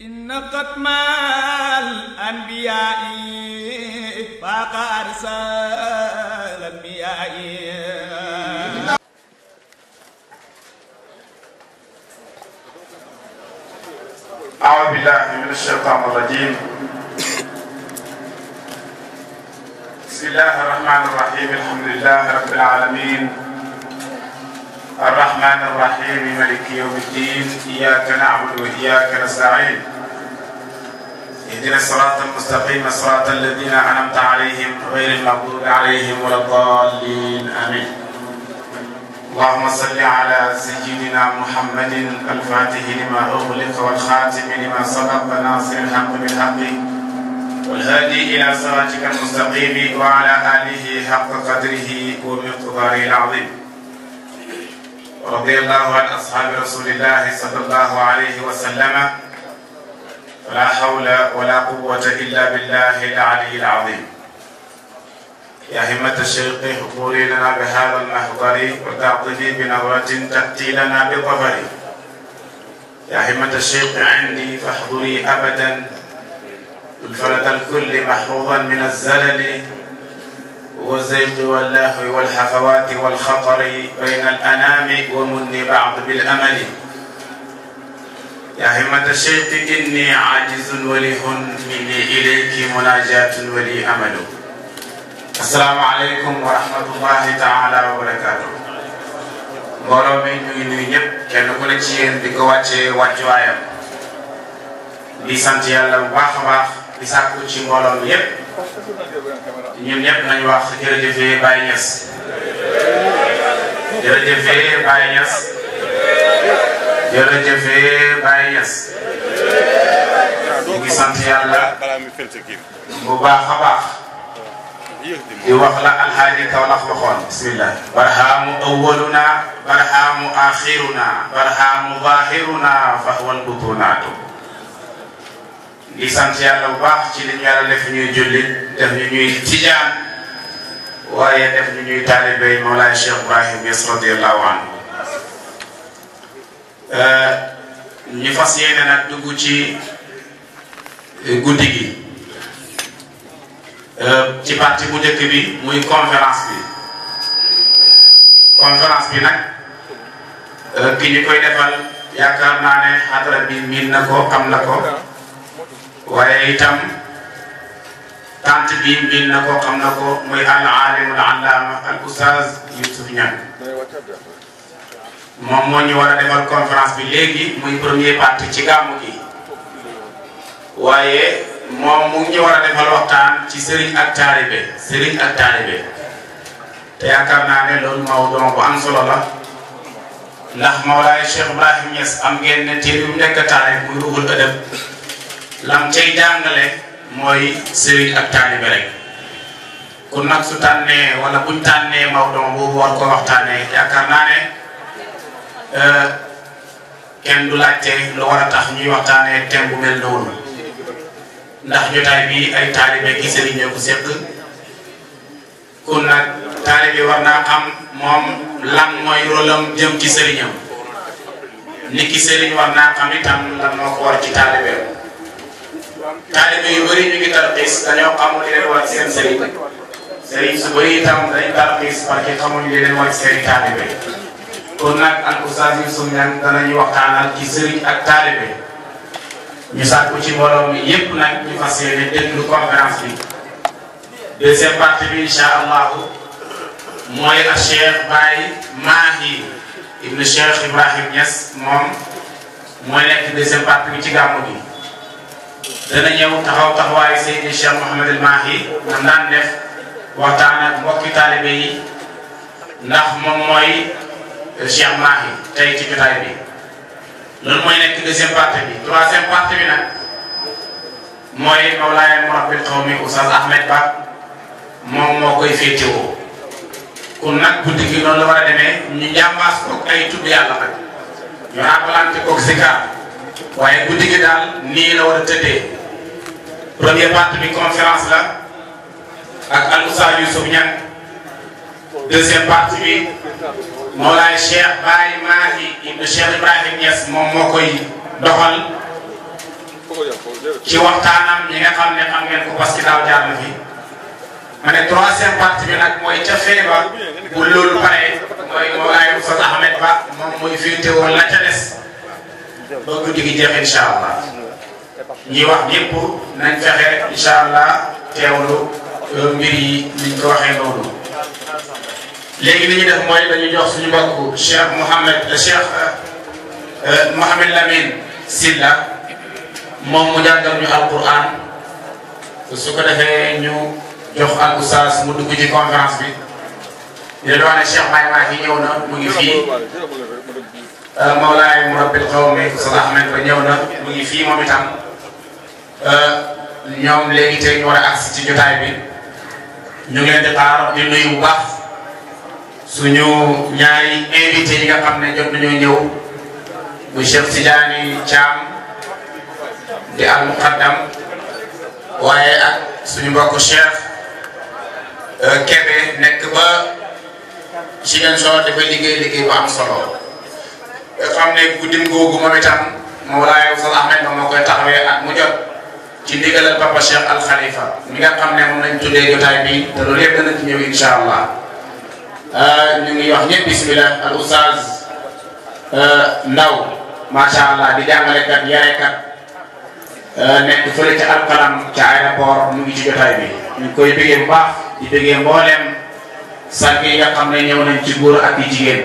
إن قتم أنبياء فاق أرسال أنبياء أعوذ بالله من الشيطان الرجيم بسم الله الرحمن الرحيم الحمد لله رب العالمين الرحمن الرحيم ملك يوم الدين إياك نعبد وإياك نستعين اهدنا الصراط المستقيم صراط الذين أنعمت عليهم غير المغضوب عليهم ولا الضالين آمين اللهم صل على سيدنا محمد الفاتح لما أغلق والخاتم لما سبق ناصر الحق بالحق والهادي إلى صراطك المستقيم وعلى آله حق قدره ومقداره العظيم رضي الله عن أصحاب رسول الله صلى الله عليه وسلم فلا حول ولا قوة إلا بالله العلي العظيم يا همة الشيخ قولي لنا بهذا المحضر وتعطفي بنظرة تأتي لنا بظفر يا همة الشيخ عندي فاحضري أبدا الفلت الكل محفوظا من الزلل والزيغ واللهو والحفوات والخطر بين الأنام ومن بعض بالأمل يا همة الشيط إني عاجز وله مني إليك مناجاة ولي أمل السلام عليكم ورحمة الله تعالى وبركاته مرحبا mi ñu ngi nuyu ñëpp kenn ku ne ci yéen di ko wàccee wàccuwaayam ñun ñëpp nañu wax jërëjëfee Baye Niass jërëjëfee Baye Niass jërëjëfee Baye Niass ñu ngi sant yàlla bu baax a baax di wax la alxaaji Kawlax waxoon bismillah barhaamu awwaluna barhaamu axiruna barhaamu zahiruna fahwan butunaatu di sant yàlla bu baax ci li yàlla def ñuy jullit def ñu ñuy tijaan waaye def ñu ñuy taalibey Mawlaay Cheikh Ibrahim Niass radiyallahu anhu euh, ñu fas yéene nag dugg ci euh, guddi gi euh, ci partie bu njëkk bi muy conférence bi conférence bi nag ki ñu koy defal yaakaar naa ne xadara bi miin na ko xam na ko waaye itam tant bi mbil na ko xam na ko muy al alimul allaama al oustaz Youssouf Niang moom moo ñu war a defal conférence bi léegi muy premier partie ci gaamu gi waaye moom mu ñu war a defal waxtaan ci sëriñ ak taalibe sëriñ ak taalibe te yaakaar naa ne loolu mawduu bu am solo la ma Mawlaay Cheikh Ibrahim Niass am ngeen ne téere yu nekk taalibe muy ruhul adab lam cay jàngale mooy sëriñ ak taalibe rek kon nag su tànnee wala buñ tànnee Maodo boobu war ko waxtaanee yaakaar naa ne euh, kenn du laajte lu war a tax ñuy waxtaanee thème mel noonu ndax jotaay bi ay taalibe gi sëriñ ñoo ko seq kon nag war naa xam moom lan mooy rôle am ci sëriñam nit ki sëriñ war naa xam itam lan moo ko war ci taalibeem taalibe yu bëri ñu ngi tarxiis dañoo li leen war seen sëriñ sëriñ su bëri itam dañ tarxiis parce que xamuñ li leen war seen i taalibe nag ak oustaz Youssou Niang danañu waxtaanal ci sëriñ ak taalibe ñu sàkku ci mbooloo mi yépp nag ñu fas yéene déglu conférence bi deuxième partie bi incha allahu mooy a Cheikh Baye Mahi ibnu Cheikh Ibrahim Niass moom mooy nekk deuxième bi ci gàmmu bi dana ñëw taxaw taxawaayu Seydi Cheikh Mouhamadul Mahi nam daan def waxtaan ak mbokki taalibe yi ndax moom mooy Cheikh Mahi tey ci jotaay bi loolu mooy nekk deuxième partie bi bi nag mooy Mawlaaya Murabbil Qawmi Oustaz Ahmed Ba moom moo koy féetewoo kon nag guddi gi noonu la war a demee ñu njàmbaas koog ay tudd yàlla nag ñu ràbbalante koog si kàr waaye guddi gi daal nii la war a tëddee. première partie bi conférence la ak al Moussa Youssouf Niang deuxième partie bi Mawlaay Cheikh Baye Mahi ibn Cheikh Ibrahim Niass mom mokoy doxal ci waxtanam ñi nga xamne xam ngeen ko parce que daw jaar na fi ma troisième partie bi nak moy ci feebar bu lolu paré moy Mawlaay Oustaz Ahmed Ba mom moy féete woon la ca dess bëgg digi jeex ñi wax ñëpp nañ fexe incha allah teewlu mbir yi niñ ko waxee noonu léegi li ñu def mooy dañu jox suñu mbokk cheikh mohammed cheikh eh, eh, eh, mohammed lamine silla moom mu jàngal ñu alquran su ko defee ñu jox al oustaz mu dugg ci conférence bi di la wax cheikh baye maa fi ñëw na mu ngi fii mawlaay mu rabbil xawmi ahmed ba ñëw na mu ngi fii moom itam Euh, ñoom léegi tey ñu war a agsi ci jotaay bi ñu ngi leen di xaar di nuyu bu baax suñu ñaari yi nga xam ne jot nañoo ñëw muy Cheikh Tidiane Thiam di al muqaddam waaye ak suñu mbokk Cheikh euh, Kébé nekk ba Ziguinchor dafay liggéey liggéey bu am solo xam ne guddim googu moom itam Mawlaay Oustaz Ahmed moom moo koy taxawee ak mu jot. ci digalal papa cheikh al khalifa mi nga xamne mo moom lañ tuddee jotaay bi te loolu yëpp dana ci ñëw inshallah euh ñu ngi wax ñepp bismillah al ustaz euh ndaw ma sha allah di jangale kat kat jàngalekat yarekat euh, nekk fële ca alqalam ca aéroport mu ngi ci jotay bi ñu koy bëggé bu baax di bëggé mbooleem sànq yi nga xam ne ñëw nañ ci goor ak i jigéen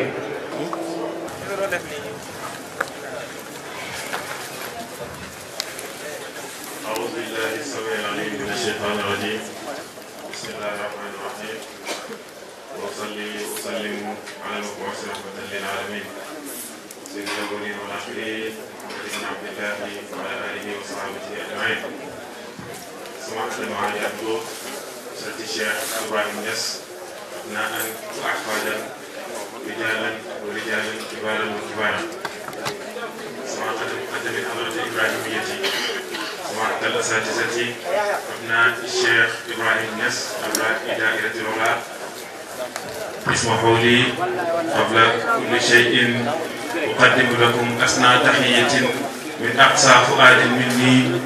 الشيخ إبراهيم نس أبناء وأحفادا رجالا ورجالا كبارا وكبارا سواء قد حضرة الحضرة الإبراهيمية سواء الأساتذة أبناء الشيخ إبراهيم نس أبناء دائرة الأولاد اسمحوا لي قبل كل شيء أقدم لكم أثناء تحية من أقصى فؤاد مني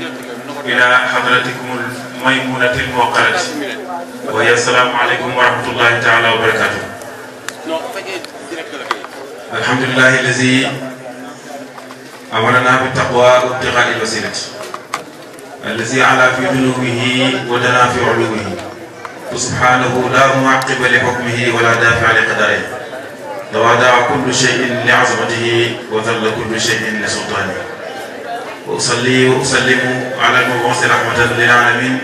إلى حضرتكم ميمونة الموقرة وهي السلام عليكم ورحمة الله تعالى وبركاته الحمد لله الذي أمرنا بالتقوى وابتغاء الوسيلة الذي على في ذنوبه ودنا في علومه وسبحانه لا معقب لحكمه ولا دافع لقدره لو كل شيء لعظمته وذل كل شيء لسلطانه وأصلي وأسلم على المبعوث رحمة للعالمين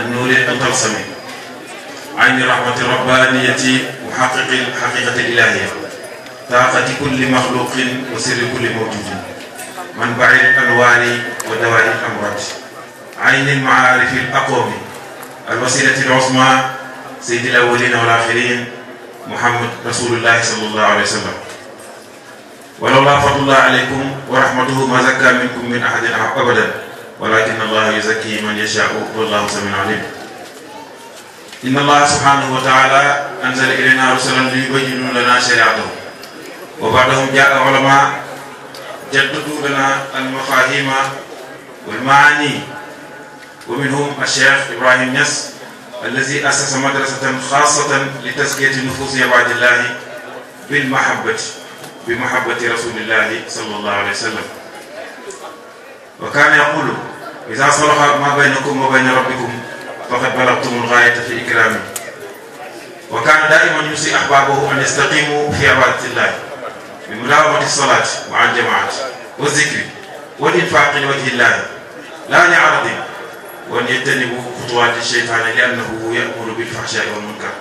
النور المطلسم عين رحمة الربانية محقق الحقيقة الإلهية طاقة كل مخلوق وسر كل موجود منبع الأنوار ودواء الأمراض عين المعارف الأقوم الوسيلة العظمى سيد الأولين والآخرين محمد رسول الله صلى الله عليه وسلم ولولا فضل الله عليكم ورحمته ما زكى منكم من أحد أبدا ولكن الله يزكي من يشاء والله سميع عليم إن الله سبحانه وتعالى أنزل إلينا رسلا ليبينوا لنا شريعته وبعدهم جاء علماء جددوا لنا المفاهيم والمعاني ومنهم الشيخ إبراهيم نس الذي أسس مدرسة خاصة لتزكية النفوس عباد الله بالمحبة بمحبة رسول الله صلى الله عليه وسلم وكان يقول إذا صلح ما بينكم وبين ربكم فقد بلغتم الغاية في إكرامه وكان دائما يوصي أحبابه أن يستقيموا في عبادة الله بمداومة الصلاة مع الجماعة والذكر والإنفاق لوجه الله لا لعرض وأن يجتنبوا خطوات الشيطان لأنه يأمر بالفحشاء والمنكر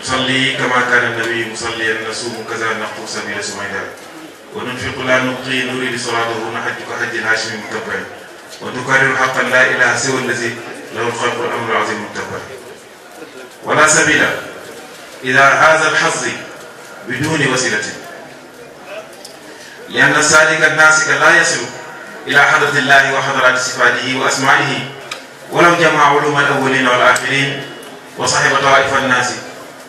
نصلي كما كان النبي مصليا نصوم كذا نخطو سبيل سميدا وننفق لا نبقي نريد صلاته نحج كحج الهاشمي متبع وتكرر حقا لا اله سوى الذي له الخلق الامر العظيم متبع ولا سبيل اذا هذا الحظ بدون وسيله لان سالك الناسك لا يصل الى حضره الله وحضرات صفاته واسمائه ولو جمع علوم الاولين والاخرين وصاحب طائف الناس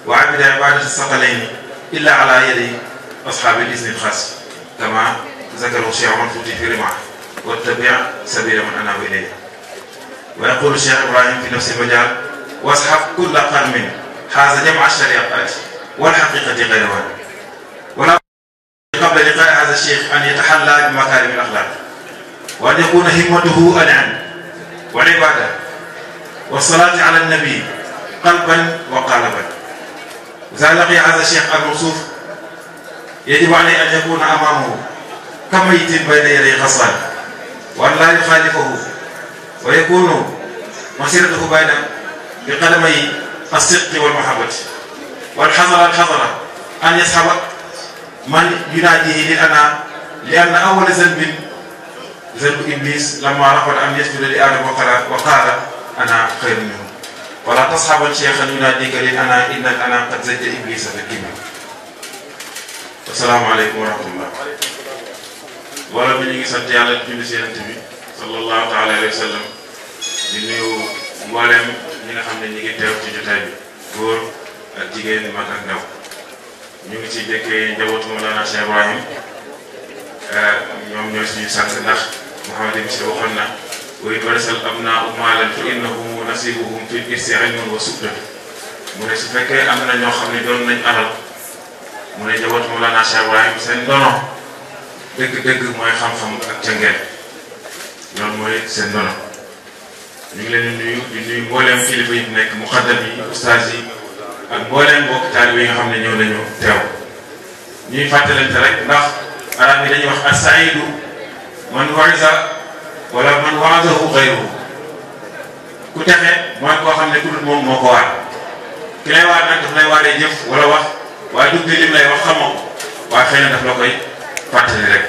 وعمل عبادة الثقلين إلا على يد أصحاب الإذن الخاص كما ذكره الشيخ عمر فوتي في رمح واتبع سبيل من أنا إليه ويقول الشيخ إبراهيم في نفس المجال واصحاب كل قرن هذا جمع الشريعات والحقيقة غير واحد ولا قبل لقاء هذا الشيخ أن يتحلى بمكارم الأخلاق وأن يكون همته أنعم والعبادة والصلاة على النبي قلبا وقالبا زالقي لقي هذا الشيخ الموصوف يجب عليه أن يكون أمامه كميت بين يدي غصان وأن لا يخالفه ويكون مسيرته بين بقدمي الصدق والمحبة والحضرة الحضرة أن يسحب من يناديه لأنا لأن أول ذنب ذنب إبليس لما رفض أن يسجد لآدم وقال وقال أنا خير منه wala tasxaban cheikhan yunaadika lil ana innal ana qad zajja iblisa takima asalaamaaleykum wa rahmatullah wala bi ñu ngi sant yàlla di si yonent bi sallallahu taala alayhi wa sallam di nuyu mboolem ñi nga xam ne ñi ngi teew ci jotaay bi góor ak jigéen mag ak ndaw ñu ngi ci jëkkee njabootu Mawlana Cheikh Ibrahim eh, ñoom ñoo suñu sant ndax Mouhamed Moussa waxoon na ويورث الأبناء maalan fa innahu nasibuhum fi l-irsi ilmun wa sudda mu ne su fekkee am na ñoo xam ne doon nañ alal mu ne njabootu Mawlana Cheikh Ibrahim seen ndono dëgg-dëgg mooy xam-xam ak cëngeel loolu mooy seen ndono ñu ngi leen di nuyu di nuyu mbooleem kilifa yi nekk muqaddam yi ustaas yi ak mbooleem mbokk taalibe yi nga xam ne ñëw nañu teew ñuy fàttalante rek ndax arab yi dañuy wax asaidu man warisa wala man waadahu xayruhu ku texe mooy koo xam ne ku dul moom moo ko waat ki lay waat nag daf lay waaree jëf wala wax waaye dugg lim lay wax xamoo ko waaye na daf la koy fàttali rek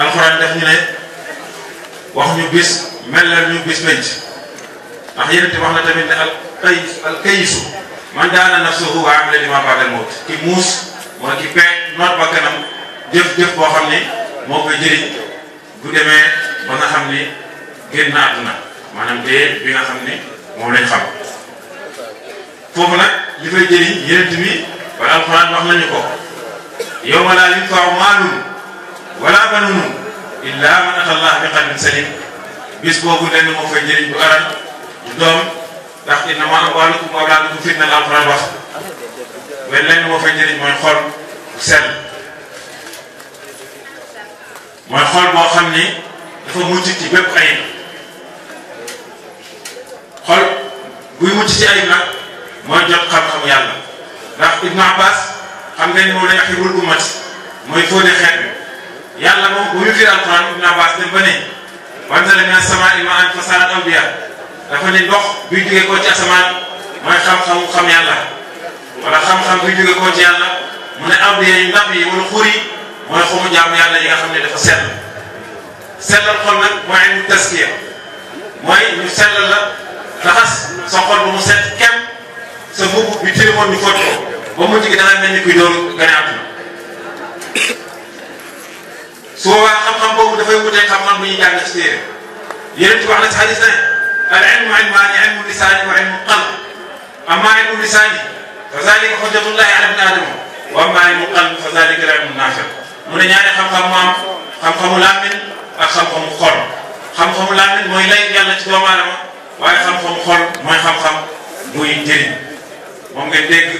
alxuraan daf ñu ne wax ñu bis melal ñu bis penc ndax yeneen te wax na tamit ne al kay al kayisu man daana nafsuhu wa amila lima ba'dal mawt ki muus mooy ki peeg noot ba kanam jëf-jëf boo xam ne moo koy jëriñ bu demee ba nga xam ni génn na àdduna maanaam dee bi nga xam ni moom lañ xam foofu nag li fay jëriñ yéen bi wala alxuraan wax nañu ko yawma laa yanfa'u maalun wala banuun illaa man ataa Allaah bi qalbin saliim bis boobu lenn moo fay jëriñ bu alal du doom ndax innamaa amwaalukum wa awlaadukum fitna la alxuraan wax mais lenn moo fay jëriñ mooy xol bu mooy xol boo xam ne dafa mucc ci bépp ayib xol buy mucc ci ayib nag mooy jot xam-xam yàlla ndax Ibn Abbas xam ngeen moo lay axirul ummat mooy fóode xeet bi yàlla moom bu ñu firi alquran Ibn Abbas dem ba ne wanzala mina samaa'i maa'an fasaalat awdiya dafa ne ndox buy jóge koo ci asamaan mooy xam-xamu xam yàlla wala xam-xam buy jóge koo ci yàlla mu ne awdiya yi ndab yi wala xur mooy xobu jaamu yàlla yi nga xam ne dafa sell sellal xol nag mooy ñu taskiya mooy ñu sellal la laxas sa xol ba mu set kem sa mbubb bi téewoon ñu fóot ko ba mu jigi danaa mel ni kuy doon gane àdduna su boobaa xam-xam boobu dafay wutee xam-xam bu ñuy jàng ci téere yéen it wax na ci xadis ne al ilmu ilmaani ilmu lisaani wa ilmu qalb amma ilmu lisaani fa zalika hujjatullahi ala ibni aadama wa amma ilmu qalb fa zalika al ilmu naafi' mu a ñaari xam-xam mu am xam-xamu làmmiñ ak xam-xamu xol xam-xamu làmmiñ mooy lay yàlla ci doomu aadama waaye xam-xamu xol mooy xam-xam buy njëriñ moom ngeen dégg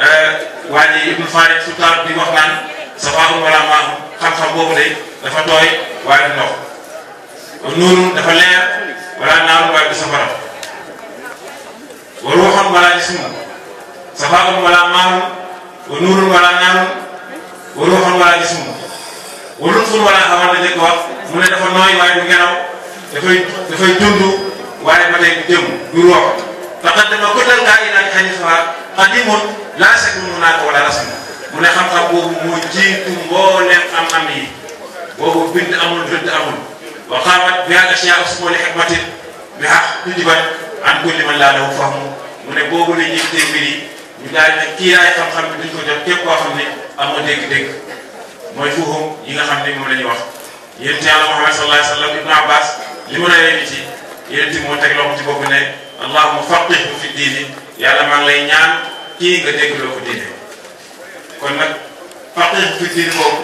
euh, waa ji Ibnu Farid Sultaan di wax naan safaahum wala maahum xam-xam boobu de dafa tooy waaye du ndox nuurun dafa leer wala naarun waaye du safara wa ruuxun wala jismun safaahum wala maahum wa nuurun wala naarun وروحهم ولا جسمهم وروحهم ولا هم على ذلك وقت من دفع نوعي وعي مجنو دفعي دفعي جندو وعي ما لي بديم وروح فقدم كل الغاية إلى الحديث قديم لا شك من هناك ولا رسم من خم خبوه مجيد مول خم خمي وهو بنت أمون بنت أمون وقامت بها الأشياء اسمه لحكمة بها تجبر عن كل من لا له فهم من بوه لجيب تنبيه ñu daal ne kiiraay xam-xam bi duñ ko jox képp koo xam ne amoo dégg-dégg mooy fuuxum yi nga xam ne moom la ñuy wax yénti yàlla Muhammad sallallahu alayhi wa sallam ibnu abbas li mu rawee ni ci yénti moo teg loxo ci bopp ne allahuma faqihhu fi diini kon nag faqihhu fi diini boobu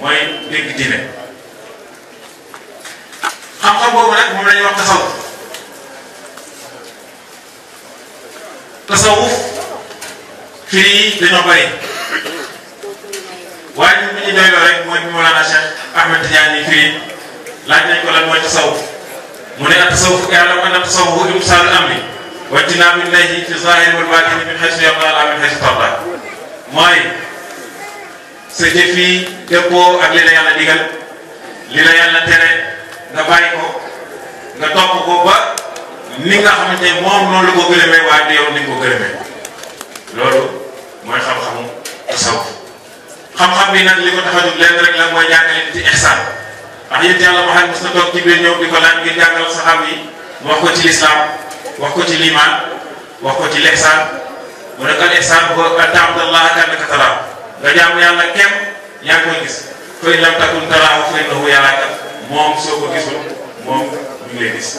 mooy dégg diine xam-xam boobu nag moom la wax tasawuf tasawuf firi yi dañoo bëri waaye ñun bi ñu doyloo rek mooy bi Mawlana Cheikh Ahmed Tidiane firi laaj nañ ko lan mooy tasawuf mu ne ak tasawuf yàlla mooy na tasawuf imsaalul amri wa ijtinaabu nahyi fi zaahir wal mooy sa jëf yi dëppoo ak li la yàlla digal li la yàlla tere nga bàyyi ko nga topp ko ba ni nga xamante ne moom noonu la gërëmee waaye yow ni nga gërëmee loolu. mooy xam-xamu tasawuf xam-xam bi nag li ko tax rek la mooy jàngale ci ihsaan ndax yéen yàlla waxal mos na ci biir ñëw di ko ngir jàngal saxaab wax ko ci lislaam wax ko ci limaan wax ko ci lexsaan mu ne al ihsaan ko taabudallaaha ka'annaka taraahu nga jaamu gis lam takun fa innahu gisul ñu lay gis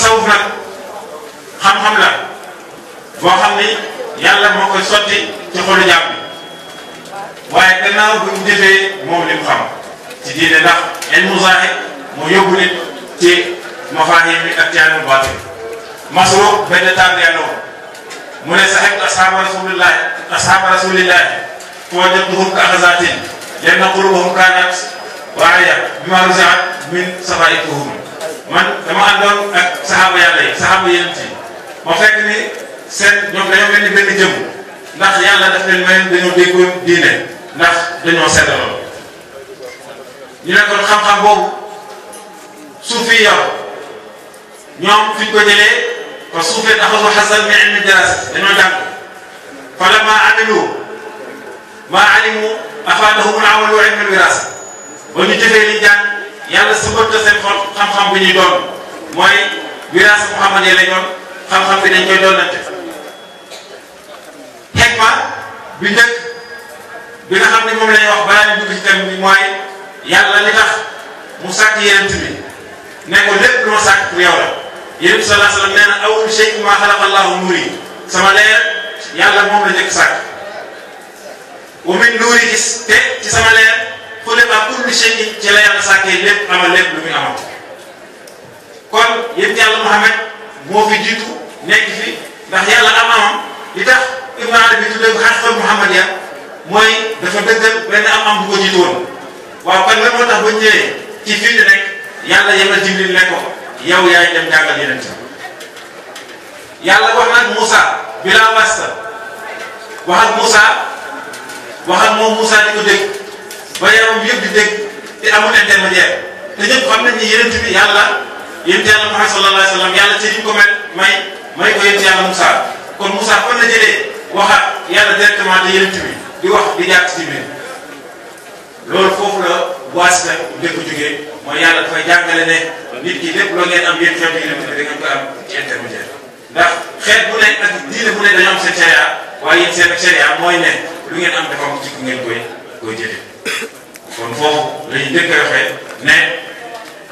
xam-xam la yàlla moo koy sotti ci xolu jàmm waaye gannaaw bu ñu moom li mu xam ci diine ndax ilmu zahir moo yóbbu nit ci mafahim bi ak ci ilmu baatin masro benn taam yàlla woon mu ne sahibtu ashaaba rasulillah ashaaba rasulillah foo jottuhum ka axazatin lenn qulubahum kaanat waariya bima ruziat min safaituhum man dama àndoon ak saxaaba yàlla yi saxaaba yéen ma fekk ni seen ñoom dañoo mel ni benn jëmm ndax yàlla daf leen mayoon dañoo déggoon diine ndax dañoo seetaloon ñu ne xam-xam boobu suufi yow ñoom fi ñu ko jëlee fa suufee taxaw ba xasal mi ilmi daraas dañoo jàng fa la maa amilu maa alimu afaadahumul amalu wa ilmul wiraas ba ñu jëfee li jàng yàlla subat ko seen xol xam-xam bi ñuy doon mooy wiraas Muhammad ya lay xam-xam bi dañ koy doonante xikma bi njëkk bi nga xam ne moom lay wax balaa ñu dugg ci thème bi mooy yàlla li tax mu sàkk yenent bi ne ko lépp lu ma sàkk yow la yéen salaa salaam nee awul shay ma sama leer yàlla moom la njëkk sàkk wa min te ci sama leer xuliqa kullu shay ci la yàlla sàkkee lépp amal lépp lu muy amal kon yéen yàlla Muhammad moo fi jiitu nekk fi ndax amam li tax ibn arabi tuddee ko xaqiqa muhammad ya mooy dafa dëggal benn am am bu ko jiitu woon waaw kon lan moo tax ba ñëwee ci fii di rek yàlla yemal jibril ne ko yow yaay dem jàngal yeneen ci yàlla wax nag Moussa bila wasta wax ak Moussa wax ak moom Moussa di ko dégg ba yaram yëpp di dégg te amul intermédiaire te ñëpp xam nañ ni yeneen bi yàlla yéen yàlla Muhammad sallallahu Alaihi Wasallam. sallam yàlla ci li ko may may ko yéen yàlla Moussa kon Moussa fan la jëlee waxat a directement te yéen tamit di wax di jàpp ci loolu foofu la waasina njëkk jógee mooy yàlla dafay jàngale ne nit ki lépp loo ngeen am yéen xeetu yéen tamit da ngeen am ci intermédiaire ndax bu ne ak am seen sharia waaye yéen seen ngeen am dafa am ci ngeen koy koy jëlee kon foofu la ñu njëkk a waxee ne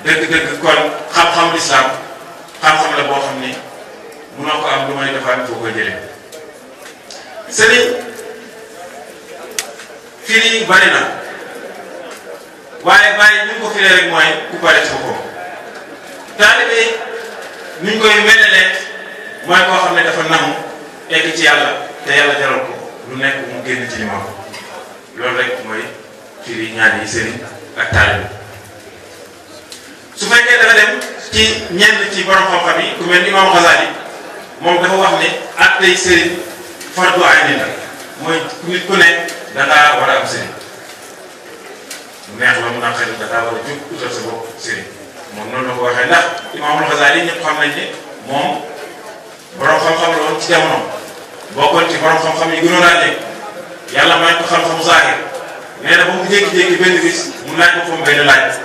dëgg-dëgg kon xam-xam lislaam xam-xam la boo xam ni mënoo ko am lu may defaan foo koy jëlee. sëriñ firi yi na waaye bàyyi ñu ko firee rek mooy ku pare ci boppam taalibe ni ñu koy melale mooy koo xam ne dafa namu egg ci yàlla te yàlla jaral ko lu nekk mu génn ci limam loolu rek mooy firi ñaari yi sëriñ ak taalibe su fekkee dafa dem ci ñenn ci borom xam-xam ku mel ni Imam Ghazali moom dafa wax ne at tey fardu ayni la mooy nit ku ne dangaa war a am sëriñ mu neex la mu naqari dangaa war a jóg utal sa bopp sëriñ moom noonu la ko waxee ndax Imaamul Xasaali ñëpp xam nañ ne moom borom xam-xam la woon ci jamono bokkoon ci borom xam-xam yi gënoon a nekk yàlla may ko xam-xamu zaahir nee na ba mu jékki-jékki benn bis mu laaj ko foofu benn laaj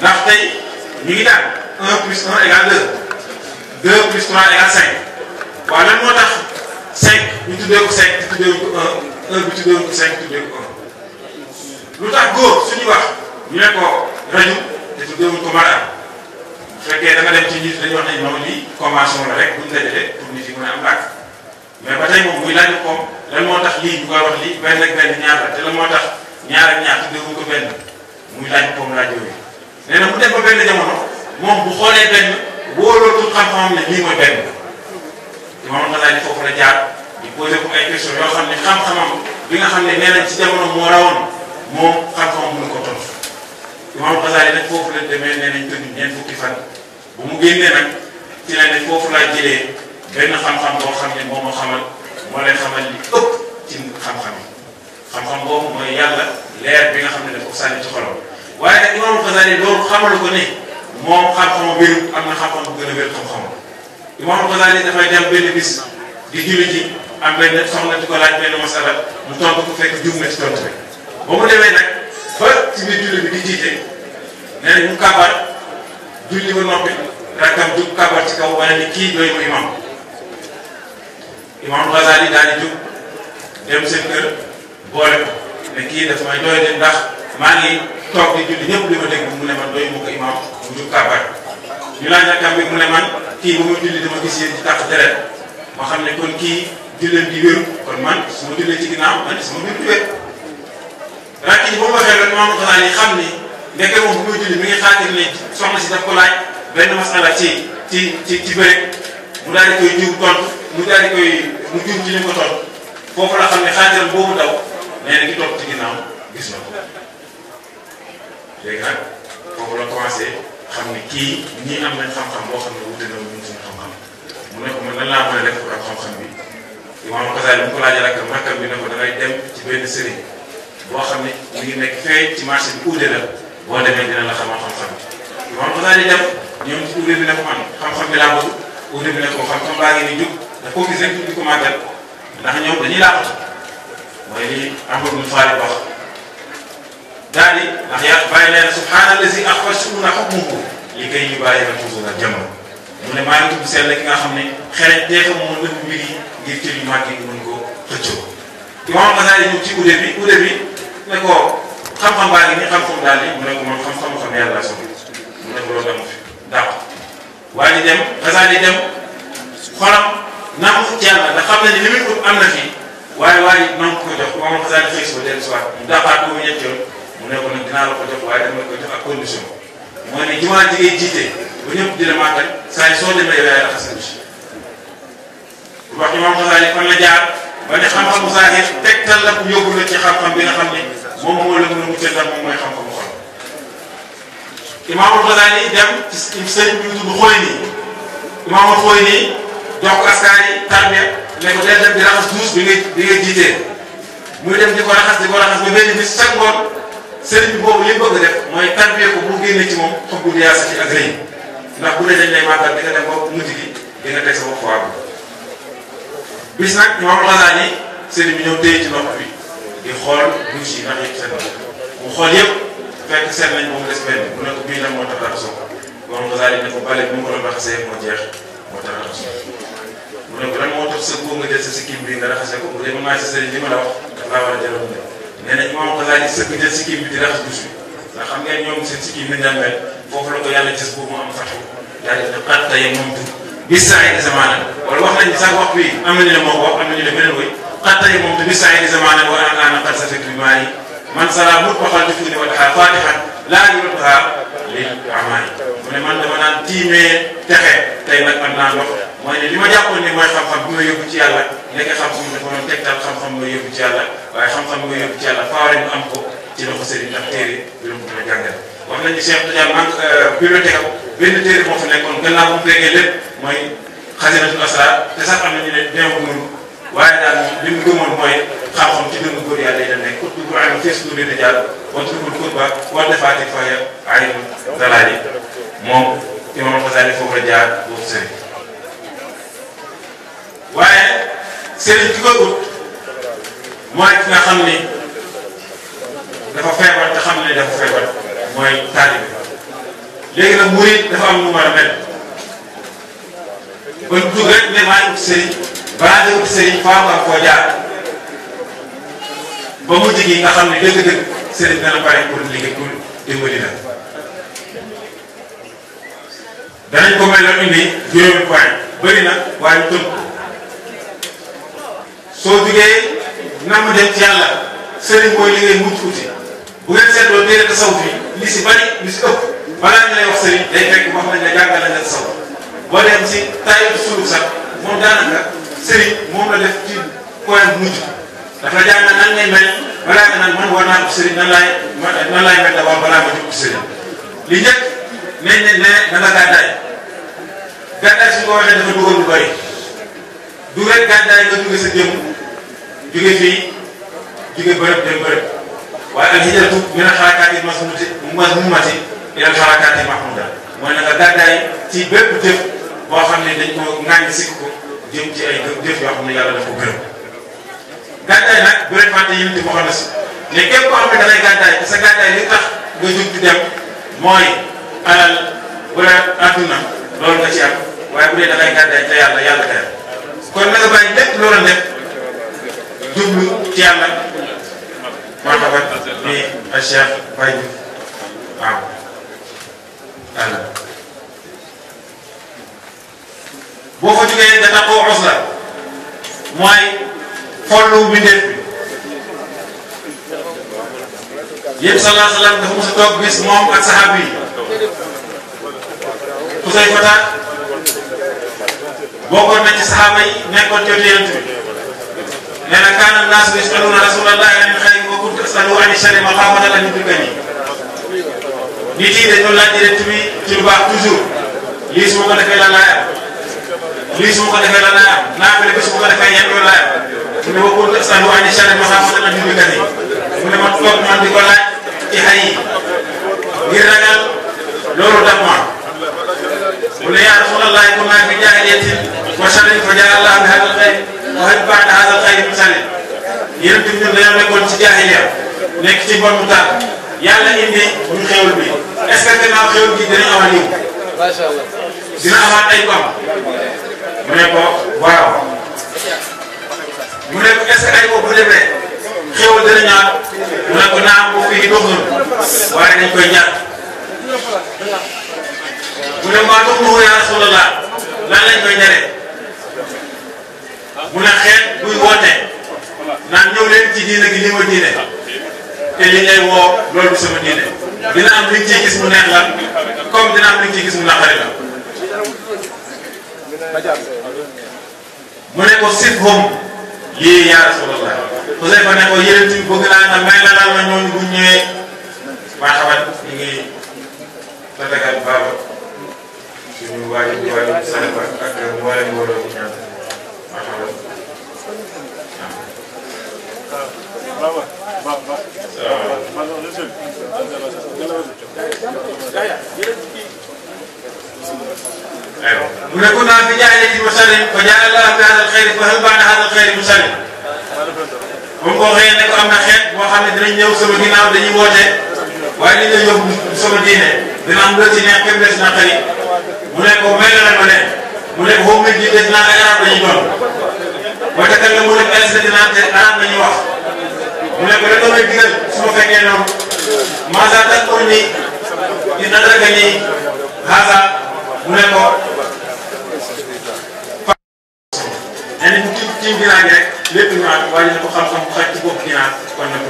ndax tey ñu ngi daan 1 plus 1 égale 2 2 plus 3 égale 5 waaw lan moo tax. cinq ñu tuddee ko cinq tuddee ko un un bi tuddee ko cinq tuddee ko un lu tax góor suñu wax ñu ne ko raju te tuddee ko madame bu fekkee da nga dem ci nit dañuy wax ne ñoom lii convention la rek bu ñu dajalee pour nit yi mën a am làkk mais ba tey moom muy laaj koom lan moo tax lii ñu koy wax lii benn ak benn ñaar la te lan moo tax ñaar ak ñaar tuddee ko benn muy laaj koom laaj yooyu nee na mu dem ba benn jamono moom bu xoolee benn wóolootul xam-xamam ne lii mooy benn. Imaam Ghazali foofu la jaar di posé ko ay questions yoo xam ne xam bi nga xam ne nee nañ ci jamono moo ko tontu Imaam Ghazali nag foofu la demee nee nañ tëdd ñeent fukki fan bu mu génnee nag ci la ne foofu laa jëlee benn xam-xam boo xam ne moo ma xamal moo lay xamal li ëpp ci xam-xam yi xam-xam boobu mooy yàlla leer bi nga xam ne daf ko sànni ci xolam waaye nag Imaam Ghazali loolu xamal ko ne moom xam-xamu biir am na xam-xam bu gën a wér xam Imam Ghazali dafay dem benn bis di julli ji am benn soxna di ko laaj benn masala mu tontu ko fekk juum na ci tontu bi mu demee nag ba ci biir julli bi di jiite nee nañ mu kabaar julli ba noppi rakkam jub kabaar ci kaw wala ni kii doy ma imam Imam Ghazali daal di jub dem seen kër boole ko kii dafa may doy de ndax maa ngi toog di julli ñëpp li ma dégg mu ne ma doy mu ko ñu laaj rakkam bi mu man kii ba muy julli dama gis yéen ci tàq deret ma xam ne kon kii julleen di wéru kon man su ma ci ginnaaw man di wér rakk ji ba mu waxee ni ndeke moom bu muy si daf ko laaj benn masala ci ci ci ci mu daal di koy mu daal mu jiw ci ko tontu foofu la xam ne xaatiram boobu daw nee na topp ci ginnaaw gis na ko foofu la commencé xam ne kii ñii am a xam-xam boo xam ne wute na ñun a xam-xam bi mu ne ko dangay dem ci benn boo xam ne mi ngi nekk fee bi uude la xam-xam bi imam Xasaali dem ñoom ci ne ko xam-xam bi laa bëgg uude bi ne ko xam ni ko gis rek di ko màggal ndax ñoom dañuy làqatu mooy li Amadu Faari wax daal di ndax yàlla bàyyi leen subhaanallazi axraja na xukmuhu li kay yu bàyyi la toujours ak jamono mu ne maa ngi tudd seen ki nga xam ne xereñ teefam moom lëf mbir yi ngir cër yu màgg yi mën ko xëccoo. imam Gasaali ñu ci ude bi ude bi ne ko xam-xam baa ngi nii xam daal di mu ko man xam-xam xam yàlla laa soxla mu ne ko loolu dama fi daaw waa ji dem dem xolam nangu ko jàll ndax xam na ne li muy ëpp am na fi waaye waaye nangu ko jox imam Gasaali xëy suba ne ko nag dinaa la ko jox waaye dama koy jox ak ko yóbbu la ci ne a muccal nii imaamul di raxas duus muy dem di ko raxas di ko raxas ba benn bis sa ngoon sëriñ bi boobu li mu bëgg def ko bu génne ci moom xëggu riyaasa ci ak rëy ndax bu dee dañ lay màggal di nga dem ba mujj gi di nga teg sa bopp waaw bis nag ñoom xasaan yi sëriñ bi ñëw téye ci nopp bi di xool douche yi yëpp seen bopp mu xool yëpp fekk seet nañ moom des benn mu ne bii nag moo tax dara soo ko ñoom xasaan yi ne ko bale bi mu ko doon raxasee moo jeex moo tax dara soo mu ne ko lan moo tax sa góor nga jël sa sikkim bi nga raxasee ko bu dee mën naa si sëriñ li ma la wax daf laa war a jëloon nee na imaam Xasaali sëkk jël sikkim bi di raxas gis bi ndax xam ngeen ñoom seen sikkim bi daan mel foofu la ko yàlla gis boobu mu am fatu daal di def xatta ya moom tu bis saa yi di zamaana wala wax nañ sax wax bi am nañu ne moo am nañu ne beneen way xatta ya moom tu bis saa yi di zamaana wala an aana xat sa fekk bi maa yi man sala mut waxal di fi ne wala xaar faatixa laa li amaan mu a man dama naan tiimee texe tey nag man naa ndox mooy ne li ma jàppoon ni mooy xam-xam bi ma yóbbu ci yàlla nekk xam-xam dafa doon tegtal xam-xam waaye xam-xam nga yóbbu ci yàlla faaw rek am ko ci loxo sëriñ ndax téere bi la mu mën a jàngal wax nañ ni Cheikh Tidiane man euh, bibliothèque benn téere moo fa nekkoon gannaaw bu mu déggee lépp mooy xasinatul asrar te sax am nañu ne deewu waaye daal li mu gëmoon mooy xam-xam ci dënnu góor yàlla yi la nekk bu amee fees lu leen a jàll wante lu ko ba war defaatee fa ya ay dalaal yi moom imam Xasaali foofu la jaar boobu sëriñ waaye sëriñ ki ko ut mooy ki nga xam ni dafa feebar te xam ne dafa feebar mooy taalibe léegi nag murit dafa am lu mu war a mel ba dugg rek ne maa ngi ut sëriñ balaa nga wut sëriñ faa war koo jaar ba mu jigi nga xam ne dëgg-dëgg sëriñ dana pare pour liggéey pour dimbali la danañ ko mel la indi juróomi point bëri na waaye tënk soo jugee na mu dem ci yàlla sëriñ mooy liggéey mucc uti bu ngeen seetloo téere tasaw fi li si bari li si ëpp balaa ñu lay wax sëriñ day fekk wax nañ ne jàngal nañ la tasaw boo dem daanaka sëriñ moom la def ci point bu mujj dafa la jàng nan ngay mel balaa nga naan man war naa ko sëriñ nan laay nan laay mel d'abord balaa ma jub sëriñ li njëkk nañ ne ne da nga gàddaay gàddaay suñu ko waxee dafa dugal lu bëri du rek gàddaay nga jóge sa jëm jóge fii jóge bërëb dem bërëb waaye al hijratu min al xarakaati masmuti masmumati ila al xarakaati mahmuda mooy na nga gàddaay ci bépp jëf boo xam ne dañ ko ŋàññ sikk ko jëm ci ay jëf yoo xam ne yàlla dafa gërëm gàddaay nag bu di waxoon na ne képp koo xam ne dangay gàddaay li tax nga jóg di dem mooy alal wala àdduna loolu nga ci am waaye bu dee dangay gàddaay te yàlla yàlla teel kon nag bàyyi lépp loola nekk jublu ci yàlla moo taxawal ni Cheikh Baye boo fa jógee nga taxoo osla mooy xollu mbindeef bi yéen salaa salaam dafa mos a bis moom ak saxaab yi Xusay Fata bokkoon na ci saxaaba yi nekkoon ci yonent bi nee na kaana naasu yasaluuna rasuulallahi anil xayri wa kuntu asalu ani sharri maxaafatan an yudrikani nit yi dañoo laaj yonent bi ci lu baax toujours lii su ma ko defee la laay lii su ma ko defee la laa naafile bi su ma ko defee yan yoon laa mu ne ma pour sa lu wàññi chale ma xam sama jullikat yi mu ne ma toog man di ko laaj ci xay yi ngir ragal loolu daf ma mu ne yaa rasulallah ku naa fi jaahiliyatin wa sharrin fa jaa allah bi hadal xayr wa hab baada hadal xayr misali yéen tamit ñun dañoo nekkoon ci jaahiliya nekk ci bon mu taal yàlla indi ñu xéwal bi est ce que gannaaw xéwal gi dina amaat yiw dina amaat ay bam mu ne ko waaw mu ne ko est-ce que ay boobu bu demee xéwal dana ñaan mu ne ko naam bu fii doxul waaye dañ koy ñaan mu ne maa doxul yaa rasulallah lan lañ koy ñane mu ne xeet buy woote naan ñëw leen ci diine gi li ma diine te li ngay woo loolu sama diine dina am li nga gis mu neex la comme dina am li nga gis mu naqari la mu ne ko sibhum lii yaa rasulallah Xuzayfa ne ko yéen it bëgg naa nga may la laal ma ñooñu bu ñëwee maa xamal ñu ngi tatagal baaba suñu waa ji waa ji Saliba ak mboolem mbooloo bu ñaan maa xamal waaw. ايوه ونكون في جاهلية مسلم فجعل الله بهذا الخير فهل بعد هذا الخير مسلم bu ko waxee ne ko am na xeet boo xam ne dinañ ñëw sama ginnaaw dañuy woote waaye li ñuy yóbbu sama diine dina am lu ci neex kenn des na ne ko may la ma ne mu ne boo muy jiite dinaa ay arab dañuy doon ba takkal la ne ay dinaa te arab dañuy wax mu ne ko da doon digal su ma fekkee noonu maasaa tàkkoon ni dina dëgg ni xaasaa mu ne ko nee nañ ci ci ginaar gi rek lépp ñu naan waaye ko xam-xam xaj ci bopp ginaar kon ak ak.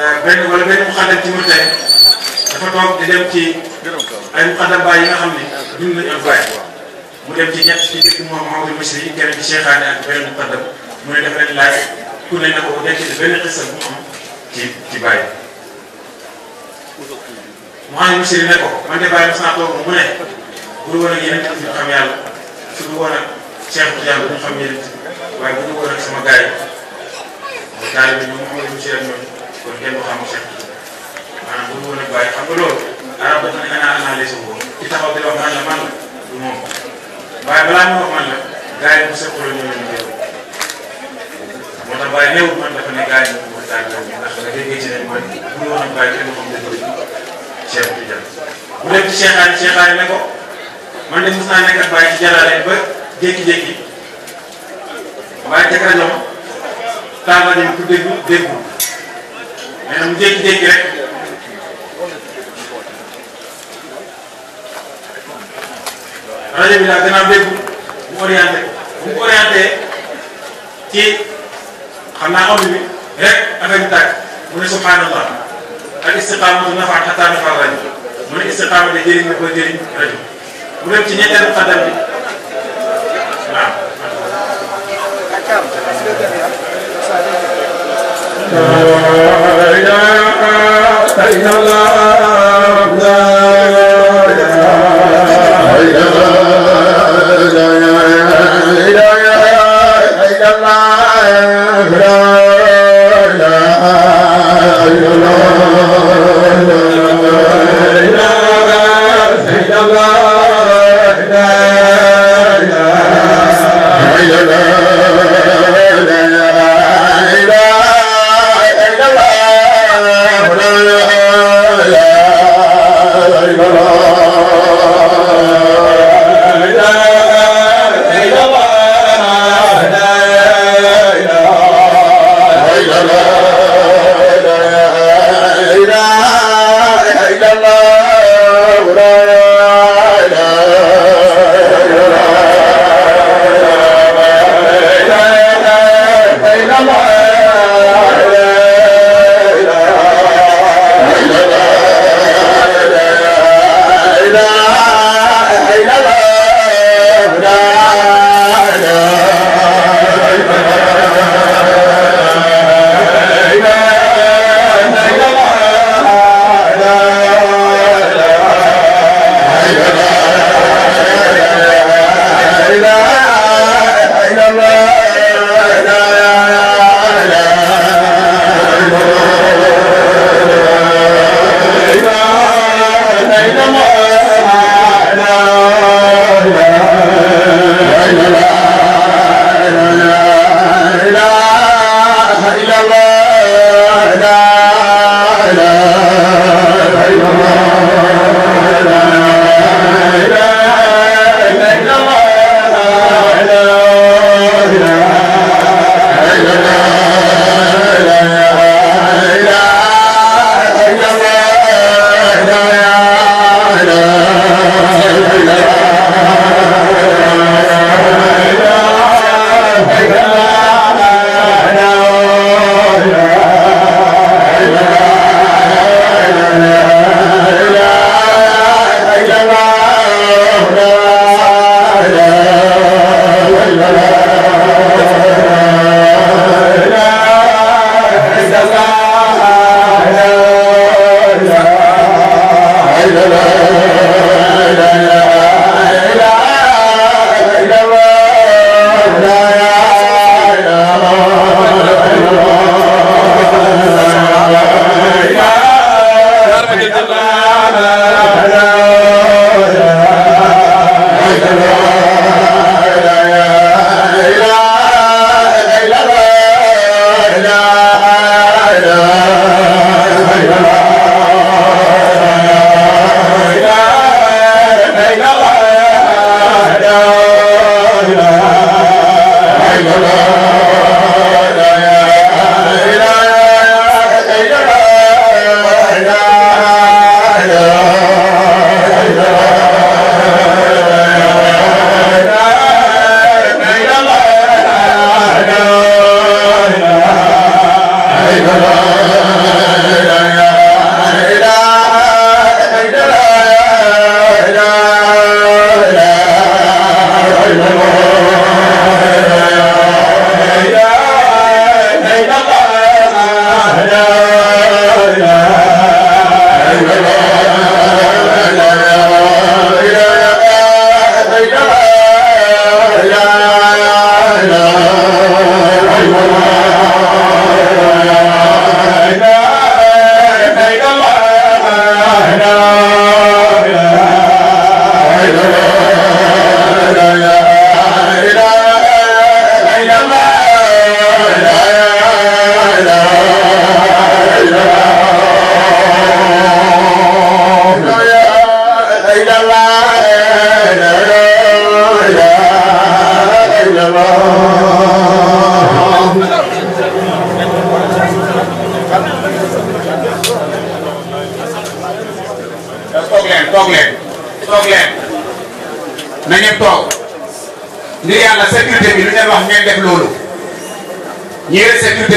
Euh, benn wala benn muqaddam ci mu tey dafa toog di dem ci ay muqaddam baay yi nga xam ne dund nañu ak baay mu dem ci ñett ci dëkk moom Maodo Moussa yi kenn ci Cheikhaane ak benn muqaddam mu ne dafa leen laaj ku ne na ko denc ci benn xisal bu am ci ci baay Maodo Moussa yi ne ko man de baay mos naa toog mu ne bu dul woon ak yeneen ñu xam yàlla su dul woon ak Cheikh Tidiane bu ñu xam yeneen waaye bu dul woon ak sama gars yi daal bi ñoom Maodo Moussa yi ak ñoom. kon kenn ku xamul sax maanaam bu mu woon ak bàyyi xam nga loolu. arab dafa ne nga naan analyser sa bopp ci taxaw di wax man la man du moom waaye balaa ñu wax man la gars yi mu seqaloon ñoo leen jëloon moo tax waaye néew man dafa ne gars yi ñu mën taa jox ndax da ngay gëj rek mooy bu ñu woon ak bàyyi kenn xam dëgg la Cheikh bi jàll. bu dee ci Cheikhaani Cheikhaani ne ko man de mos naa nekk ak bàyyi ci jalaale ba jékki-jékki waaye ca kanam tàmbali ku dégg déggul. nee na mu jékki-jékki rek rajo bi daal gannaaw dégg mu orienté bu mu orienté ci xam naa am bi rek affaire bi tàkk mu ne subhanallah ak istiqaamatu nafaat xataa nafaat rajo mu ne istiqaama de jëriñ na ba jëriñ rajo mu dem ci ñetteelu xaddam bi waaw. la فلا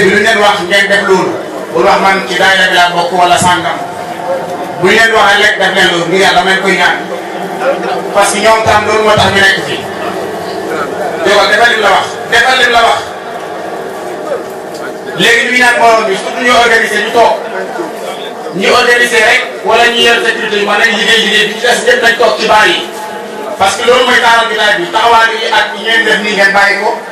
sëriñ lu leen wax ngeen def loolu pour wax man ci daayira bi laa bokk wala sàngam bu ñu leen waxee rek def leen loolu ngir yàlla may koy ñaan parce que ñoom tam loolu moo tax ñu nekk fii yow defal lim la wax defal lim la wax léegi ñu ñaan borom bi surtout ñu organiser ñu toog ñu organiser rek wala ñu yor sécurité yi maanaam liggéey liggéey bi ci des ñëpp nañ toog ci baar yi parce que loolu mooy taaral bi nawet yi ak ñeen def nii ngeen bàyyi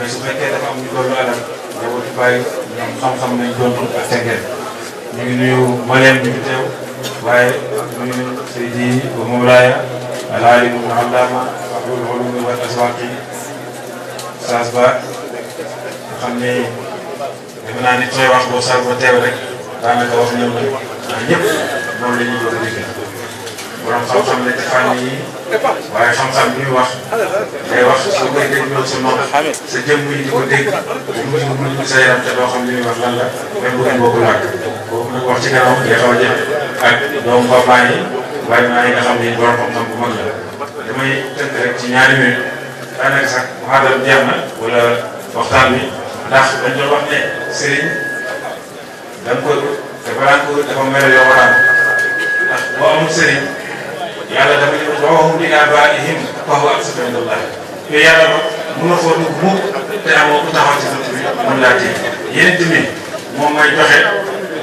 mais su fekkee dafa am ñu doon adab njabootu bàyyi ñoom xam-xam nañ doon ak teggeel ñu ngi nuyu mbooleem ñu ngi teew waaye nuyu Seydi ba Mawlaaya al-alim al-allama Abdul Ulum wal Aswaqi saas ba xam ne defe naa ne koy wax boo sar ba teew rek daanaka wax ñëw na ñëpp moom la ñuy bëgg a dégg borom xam-xam ne ci fànn yi waaye xam-xam bi wax day wax soo koy dégg loolu sa nopp sa jëmm yi di ko dégg bu mujj bu mujj sa yaram te doo xam li ñuy wax lan la même bu ngeen bokk nag wax ci kanam day xaw ak doomu Fapal yi waaye maa ngi nga xam ni borom xam-xam bu mag la damay tënk rek ci ñaari minute daanaka sax muhaadara jeex na wala waxtaan bi ndax dañ doon wax ne sëriñ da nga ko te balaa nga ko dafa mel yoo rawahum li abaa'ihim wa huwa aqsatu inda Allaah yooyu yàlla ba mun a foo dugg mukk te amoo ku taxaw ci bunt bi mën laa téye yéen tamit moom mooy joxe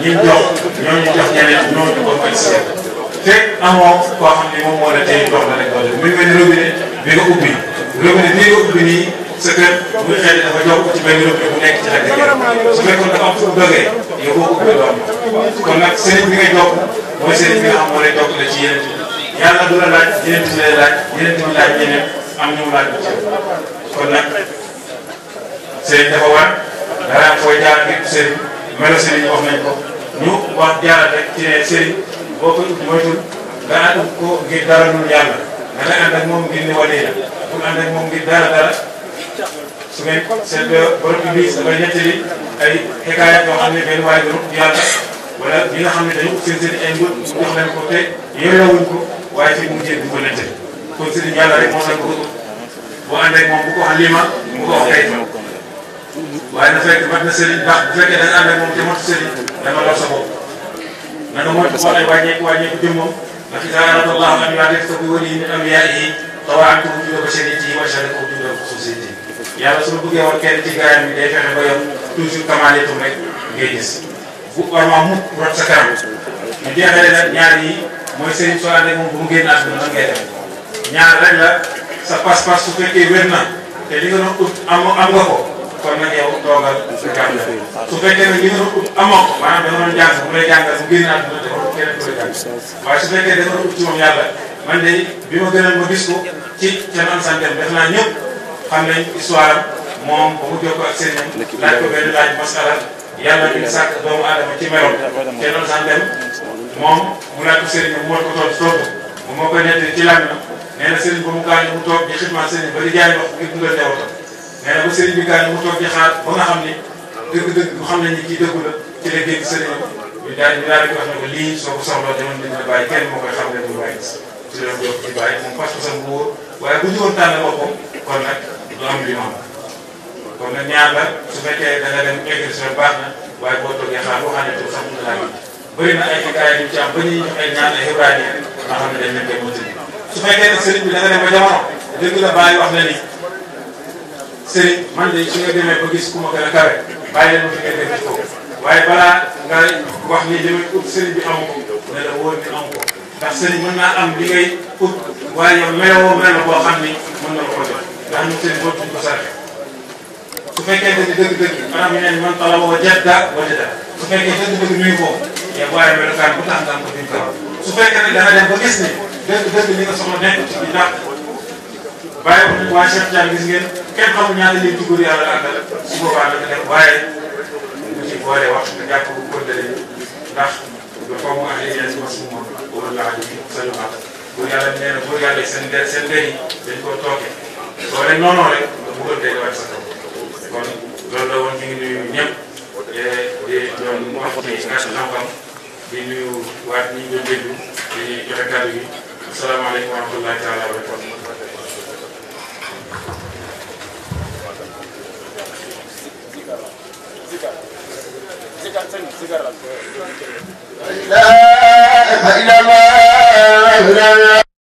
ñi jox ñooñu jox ñeneen ñooñu ko koy seet fekk amoo koo xam ne moom moo la téye jox la rek wala muy mel ni robinet bi nga ubbi robinet bii nga ubbi nii sa kër bu xëy dafa jox ci benn robinet bu nekk ci xel su fekkoon dafa am fu bëggee yow boo ubbee doo am kon nag sëriñ bi nga jox mooy sëriñ bi nga xam moo lay jox la ci yeneen yàlla du la laaj yeneen bi lay laaj yeneen bi laaj yeneen am ñu laaj bu kon nag sëriñ dafa war dara fooy jaar ngir sëriñ melo sëriñ wax ko ñu wax jaaral rek ci ne sëriñ boo ko nga ànd ko ngir dara lul yàlla da ngay ànd ak moom ngir ne wane la pour ànd ak moom ngir dara dara su ngeen seetloo borom bi dafay nettali ay xekaayat yoo xam ne benn waay yàlla wala ñi nga xam ne dañu seen seen ay mbir jox leen ko te yore wuñ ko. waaye fi mu jël bu ko nette kon sëriñ Balla moom bu ko wax lii ma bu ko wax kay waaye na fekk mat na sëriñ baax bu fekkee da nga ànd ak moom te matu sëriñ dama lor sa bopp na nga moytu boo xam wàññeeku wàññeeku jëmmam ndax iza arada Allahu an yu'adhiba waliyyan min awliyaa'ihi tawa'antu wujuuda bashariyatihi wa asharaka wujuuda xusuusiyatihi yàlla su ma bëggee woon kenn ci gaayam bi day fexe ba yow toujours kamaleetum rek ngay gis bu orma mukk rot sa kanam mooy Serigne Touba de moom bu mu génn àdduna nan ngay def ñaar rek la sa pas-pas su fekkee wér na te li nga doon ut am am nga ko kon nag yow toogal sa kàddu su fekkee nag li nga doon ut amoo ko maanaam da nga doon jàng bu lay jàngal bu génn àdduna te ko keneen ko jàng waaye su fekkee da nga doon ut ci moom yàlla man de bi ma gënal ma gis ko ci ca naan santam def naa ñëpp xam nañ histoire am moom ba mu jokkoo ak Serigne laaj ko benn laaj masala yàlla bi nga sàkk doomu aadama ci meloon te naan santam moom mu laaj ko sëriñ mu war ko toog ci moom moo koy nettali ci laaj na nee na sëriñ ba mu gaañu mu toog di xidmaat sëriñ ba di jaay ndox ngir dundal njabootam nee na ba sëriñ bi gaañu mu toog di xaar ba nga xam ni dëgg-dëgg bu xam ne ni kii dëggu la ci la génn sëriñ bi daal di daal di wax ne ko lii soo ko soxlaa demoon nañ la bàyyi kenn ne du bàyyi ci la doon ci bàyyi moom pas pasam bu wóor waaye bu ñu woon tànn boppam nag du am li ma kon nag ñaar la su fekkee da na waaye boo toogee xaar bëri na ay kakaay yu ci am nga xam ne dañ leen koy mën su fekkee ne sëriñ bi wax na ni sëriñ man de su nga demee ba ku ma gën a kawe bàyyi leen ma fi nga def nga wax ni li may ut sëriñ bi amu ne la wóor ni amu ko ndax sëriñ mën naa am li ngay ut waaye yow meloo melo boo xam ni mën na la ko jox ndax ñu sëriñ boobu duñ ko sàrxe su fekkee ne dëgg-dëgg maanaam ñu ne man talaba wa jadda wa jadda su fekkee dëgg-dëgg nuyu foofu waaye melokaan bu tax daan ko fi kaw su fekkee ne dana dem ba gis ne dëgg dëgg li nga soxla nekk ci bi ndax waaye waa Cheikh Diagne gis ngeen kenn xamu ñaata leen dugub yàlla àndal su boobaa la def waaye bu ci boole wax nga jàpp bu bëndale ndax le xaw ma ay yeneen wax mu moom wala laa ji sañu àq buur yàlla nee na buur yàlla seen ndey seen ndey dañ koo tooke soo leen noonoo rek bu ëllëgee dafay sa kaw kon loolu la woon ñu ngi nuyu ñëpp di doon wax ci gàtt xam-xam di nuyu waa ñi ñu déglu di joxe kàddu gi asalaamaaleykum wa rahmatullahi taala wa barakatuh لا إله إلا الله